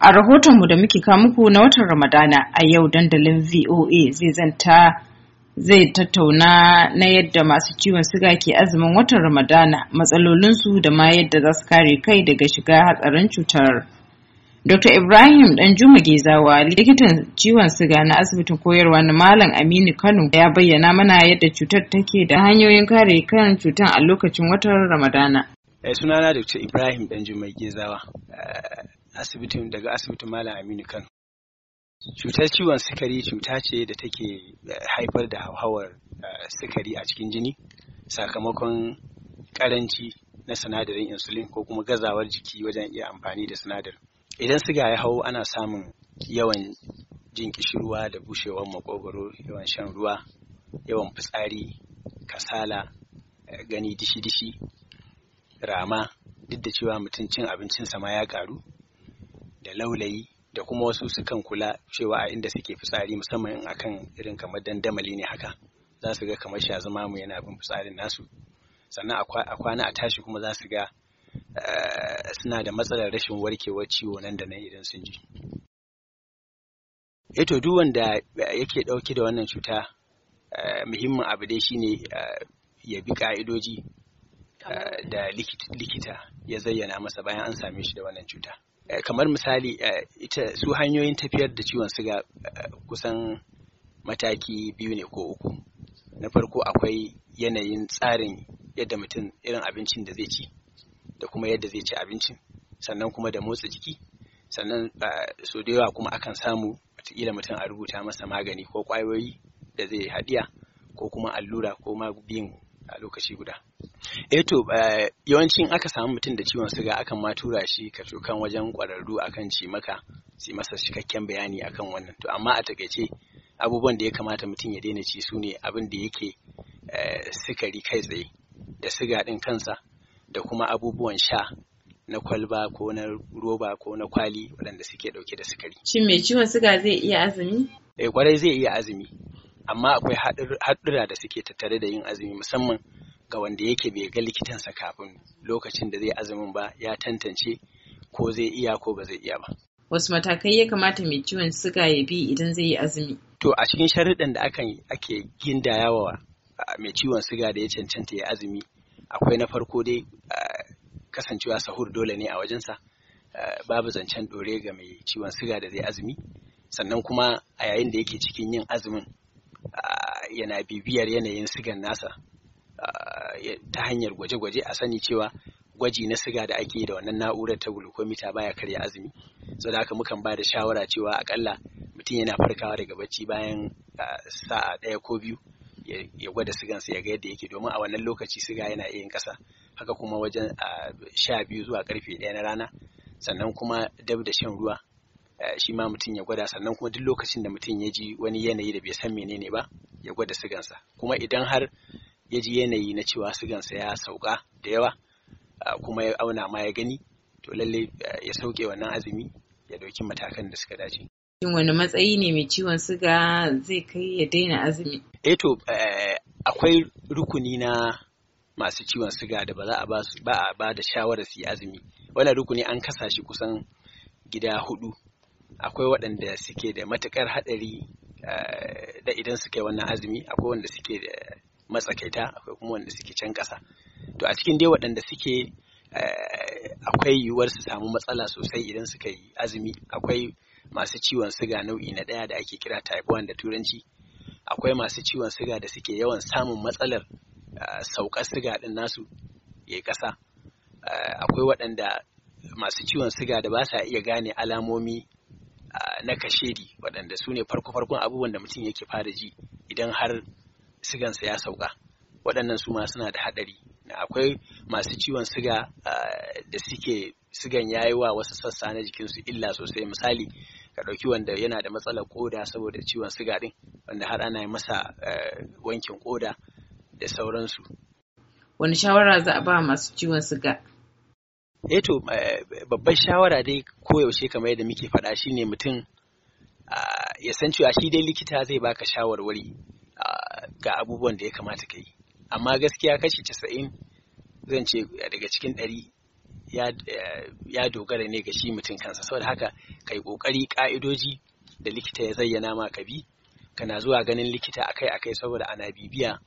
A rahotonmu da muke muku na watan Ramadana a yau dandalin VOA zai zanta zai tattauna na yadda masu ciwon siga ke azumin watan Ramadana matsalolinsu da ma yadda za su kare kai daga shiga hatsarin cutar. Dr. Ibrahim Danjuma Gezawa likitan ciwon siga na asibitin koyarwa na Malam Aminu Kano ya bayyana mana yadda cutar take da hanyoyin kare kan cutar a lokacin watan Ramadana. Eh, sunana Dr. Ibrahim Danjuma Gezawa. Eh, asibitin daga asibitin Malam Aminu kan, Cutar ciwon sukari cuta ce da take eh, haifar da hauhawar eh, sukari a cikin jini sakamakon karanci na sinadarin insulin ko kuma gazawar jiki wajen iya amfani da sinadar Idan siga ya hau ana samun yawan jin kishirwa da bushewar makogwaro, yawan shan ruwa, yawan fitsari, kasala, eh, gani dishi-dishi, rama, duk da cewa mutum cin abincinsa ma ya ƙaru da laulayi da kuma wasu su kan kula cewa a inda suke fitsari musamman akan irin kamar dandamali ne haka za su ga kamar sha zama mu yana bin fitsarin nasu sannan a kwana a tashi kuma za su ga eh, suna da matsalar rashin warkewar ciwo nan da nan idan sun ji eto eh duk wanda yake ɗauke da wannan cuta eh, muhimmin abu dai shine ya bi ka'idoji da likita ya zayyana masa bayan an same shi da wannan cuta Eh, kamar misali eh, ita su hanyoyin tafiyar da ciwon siga eh, kusan mataki biyu ne ko uku na farko akwai yanayin tsarin yadda mutum irin abincin da zai ci da kuma yadda zai ci abincin sannan kuma da motsa jiki sannan so da yawa kuma akan samu watakila mutum a rubuta masa magani ko kwayoyi da zai haɗiya ko kuma allura ko ma a lokaci guda eh to eh, yawancin aka samu mutum da ciwon suga akan ma tura shi ka kan wajen kwararru akan maka su masa cikakken bayani akan wannan to amma a takaice abubuwan da ya kamata mutum ya daina ci su ne abin da yake eh, sukari kai tsaye da siga ɗin kansa da kuma abubuwan sha na kwalba ko na roba ko na kwali waɗanda suke ɗauke da sukari. Shin mai ciwon suga zai iya azumi? Eh kwarai zai iya azumi amma akwai haɗura da suke tattare da yin azumi musamman ga wanda yake bai ga likitansa kafin lokacin da zai azumin ba ya tantance ko zai iya ko ba zai iya ba. Wasu matakai ya kamata mai ciwon suga ya bi idan zai yi azumi? To a cikin sharuɗan da akan ake gindayawa mai ciwon suga da ya cancanta ya azumi akwai na farko dai kasancewa sahur dole ne a wajensa babu zancen ɗore ga mai ciwon suga da zai azumi sannan kuma a yayin da yake cikin yin azumin yana bibiyar yanayin sigan nasa eh, ta hanyar gwaje-gwaje a sani cewa gwaji na siga da ake da wannan na'urar ta glucometer baya karya azumi so da haka mukan ba da shawara cewa akalla mutum yana farkawa daga bacci bayan eh, sa'a ɗaya ko biyu ya gwada sigansa ya ga yadda yake domin a wannan lokaci siga yana iya yin ƙasa haka kuma wajen eh, sha biyu zuwa karfe ɗaya na rana sannan kuma dab da shan ruwa Eh, shi ma mutum ya gwada sannan kuma duk lokacin da mutum ya ji wani yanayi da bai san menene ba ya gwada sigansa kuma idan har ya ji yanayi na cewa sigansa ya sauka da yawa ah, kuma ya auna ma ya gani to lallai eh, ya sauke wannan azumi ya dauki matakan da suka dace. Shin wani matsayi ne mai ciwon siga zai kai ya daina azumi? Eh to eh, akwai rukuni na masu ciwon siga da ba za a ba ba da shawarar su yi azumi. Wannan rukuni an kasa shi kusan gida hudu akwai waɗanda suke da matuƙar haɗari eh, da idan suke wannan azumi akwai wanda suke da matsakaita akwai kuma wanda suke can ƙasa to a cikin dai waɗanda suke eh, akwai yiwuwar su samu matsala sosai idan suka yi azumi akwai masu ciwon siga nau'i na ɗaya da ake kira type 1 da turanci akwai masu ciwon siga da suke yawan samun matsalar eh, saukar siga ɗin nasu ya yi ƙasa akwai waɗanda masu ciwon siga da ba sa iya gane alamomi na kashedi waɗanda su ne farko-farkon abubuwan da mutum yake fara ji idan har sigansa ya sauka waɗannan su ma suna da haɗari akwai masu ciwon siga da suke sigan ya yi wa wasu sassa na jikinsu illa sosai misali ka ɗauki wanda yana da matsalar koda saboda ciwon siga ɗin wanda har ana yi masa wankin koda da sauransu wani shawara za a ba masu ciwon siga Eto, eh eh, babban shawara dai koyaushe kamar yadda muke faɗa shine mutum ah, ya san cewa shi dai likita zai baka shawarwari ah, ga abubuwan da ya kamata ka yi amma gaskiya kashi casa'in zan ce daga cikin ɗari eh, ya dogara ne ga shi mutum kansa saboda haka ka yi ƙoƙari ƙa'idoji da likita ya zayyana ma ka bi kana zuwa ganin likita akai-akai saboda ana bibiya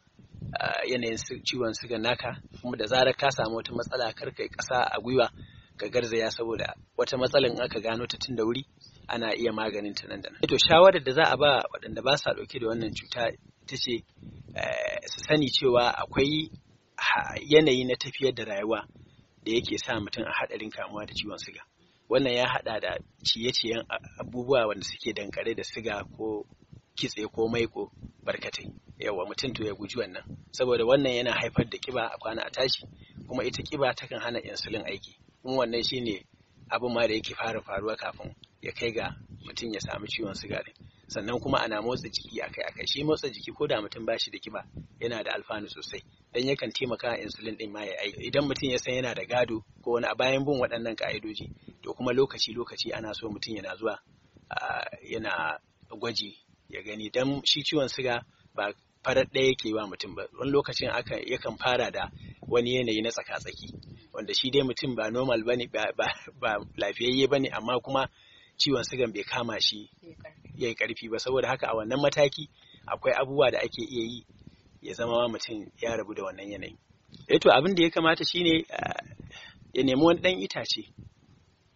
yanayin ciwon suga naka kuma da zarar ka samu wata matsala kar kai ƙasa a gwiwa ka garzaya saboda wata matsalan aka gano ta tun da wuri ana iya maganin ta nan da nan. To shawarar da za a ba waɗanda ba sa ɗauke da wannan cuta ita ce eh, su sani cewa akwai yanayi na tafiyar da rayuwa da yake sa mutum a haɗarin kamuwa da ciwon siga. Wannan ya haɗa da ciye-ciyen abubuwa wanda suke dankare da siga ko kitse ko maiko barkatai yawa mutum to ya guji wannan saboda wannan yana haifar da kiba a kwana a tashi kuma ita kiba takan hana insulin aiki in wannan shine abin ma da yake fara faruwa kafin ya kai ga mutum ya samu ciwon sigari sannan kuma ana motsa jiki akai akai shi motsa jiki ko da mutum ba shi da kiba yana da alfanu sosai dan yakan taimaka insulin ɗin ma ya aiki idan mutum ya san yana da gado ko wani a bayan bin waɗannan ka'idoji to kuma lokaci lokaci ana so mutum yana zuwa yana gwaji ya gani dan shi ciwon siga ba farar ɗaya yake ba mutum ba wani lokacin aka yakan fara da wani yanayi na tsaka-tsaki wanda shi dai mutum ba normal ba, ba, ba lafiyayye ne amma kuma ciwon sigan bai kama shi ya yi ƙarfi ba saboda haka a wannan mataki akwai abubuwa da ake iya yi ya zama mutum ya rabu da wannan yanayi. eto eh abin da ya kamata shine ah, ya nemi wani ɗan itace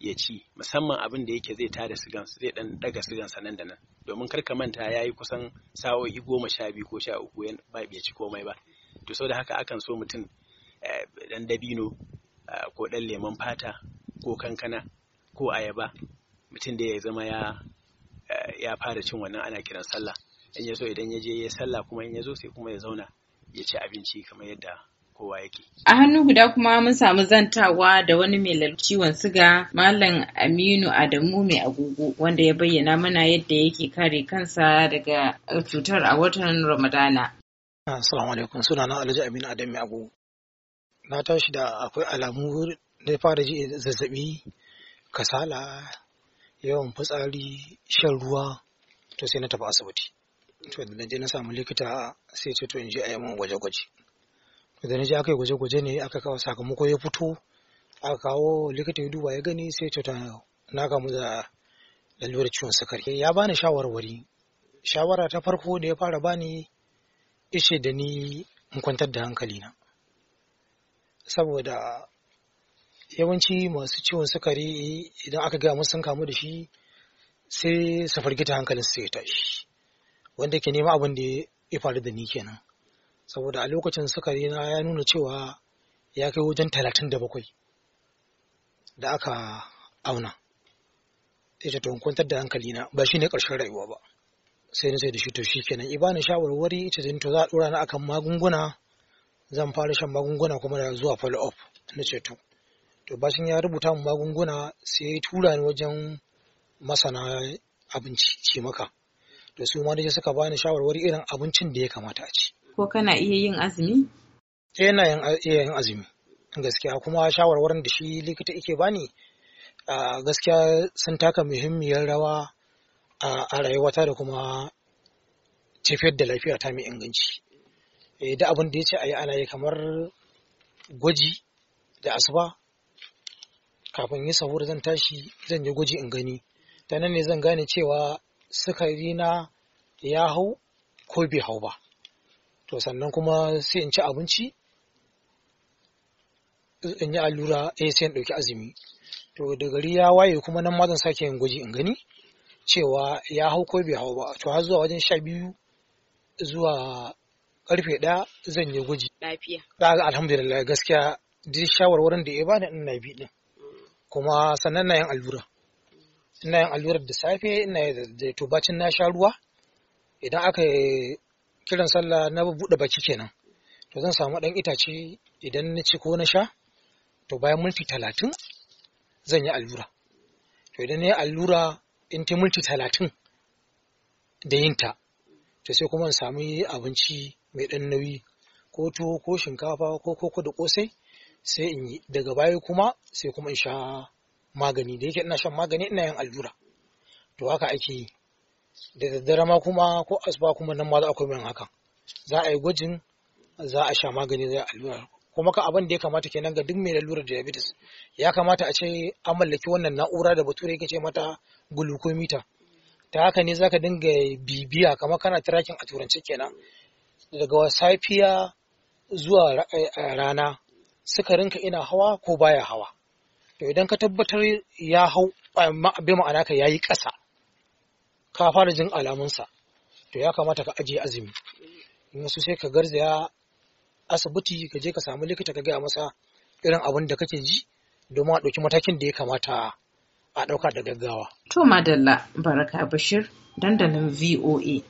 ya ci musamman abin da yake zai tada sigan zai dan daga sigan nan da nan domin kar ka manta yayi kusan sa'o'i goma sha biyu ko sha uku ba bai ci komai ba to saboda haka akan so mutum dan eh, dabino eh, ko dan lemon fata ko kankana ko ayaba mutum da ya zama ya eh, ya fara cin wannan ana kiran sallah in ya so idan ya je ya sallah kuma in ya zo sai kuma ya zauna ya ci abinci kamar yadda kowa yake. A hannu guda kuma mun samu zantawa da wani mai ciwon siga Malam Aminu Adamu mai agogo wanda ya bayyana mana yadda yake kare kansa daga eh, cutar a watan Ramadana. Assalamu alaikum suna na Alhaji Aminu Adamu mai agogo. Na tashi da akwai alamu da fara ji zazzabi, kasala, yawan fitsari, shan ruwa, to sai na tafi asibiti. To da na je na samu likita sai ce to in je a yi min gwaje-gwaje. da na je aka yi gwaje-gwaje ne aka kawo sakamako ya fito aka kawo likita ya duba ya gani sai ta na kamu da lalurar ciwon sukari ya bani shawarwari shawara ta farko da ya fara bani ishe da ni in kwantar da hankali na saboda yawanci masu ciwon sukari idan aka gaya musu sun kamu da shi sai su fargita hankalin su ya tashi wanda ke nema abin da ya faru da ni kenan saboda a lokacin sukari na ya nuna cewa ya kai wajen talatin da bakwai da aka auna sai ta kwantar da hankali na ba shi ne ƙarshen rayuwa ba sai na sai da shi to shi kenan ibani shawarwari ita zai to za a ɗora na akan magunguna zan fara shan magunguna kuma da zuwa follow up na ceto to bashin ya rubuta mu magunguna sai ya tura ni wajen masana abinci ce maka to su ma shi suka bani shawarwari irin abincin da ya kamata a ci ko kana iya yin azumi? Yana eh, iya yin azumi gaskiya kuma shawarwarin da shi likita yake bani gaskiya sun taka muhimmiyar rawa a rayuwata da kuma tafiyar da lafiya ta mai inganci. Eh, da abin da ya ce a yi ana yi kamar gwaji da asuba kafin yi sahur zan tashi zan yi gwaji in gani ta nan ne zan gane cewa sukari na ya hau ko bai hau ba to sannan kuma sai in ci abinci in yi allura eh sai in ɗauki azumi to da gari ya waye kuma nan mazan zan sake yin gwaji in gani cewa ya hau ko bai hau ba to har zuwa wajen sha biyu zuwa karfe ɗaya zan yi gwaji lafiya alhamdulillah gaskiya duk shawarwarin da ya bani ina bi din kuma sannan na yin allura ina yin allurar da safe ina da tubacin na sha ruwa idan aka kiran sallah na buɗe baki kenan to zan samu ɗan itace idan na ci ko na sha to bayan minti talatin zan yi allura to idan na yi allura in ta minti talatin da yinta to sai kuma in sami abinci mai ɗan nauyi ko tuwo ko shinkafa ko koko da kosai sai in yi daga baya kuma sai kuma in sha magani da yake ina shan magani ina yin allura to haka ake yi da daddare ma kuma ko asuba kuma nan ma za a koyi hakan za a yi gwajin za a sha magani za a allura kuma ka abin da ya kamata kenan ga duk mai lalurar diabetes ya kamata a ce an mallaki wannan na'ura da bature yake ce mata glucometer ta haka ne zaka dinga bibiya kamar kana tracking a turance kenan daga safiya zuwa eh, rana sukarinka ina hawa ko baya hawa to idan ka tabbatar ya hau eh, bi ma'ana ka yayi ƙasa ka fara jin alamunsa to ya kamata ka ajiye azumi in wasu sai ka garzaya asibiti ka je ka samu likita ka gaya masa irin abin da kake ji domin a ɗauki matakin da ya kamata a ɗauka da gaggawa. To Madalla Baraka Bashir dandalin VOA.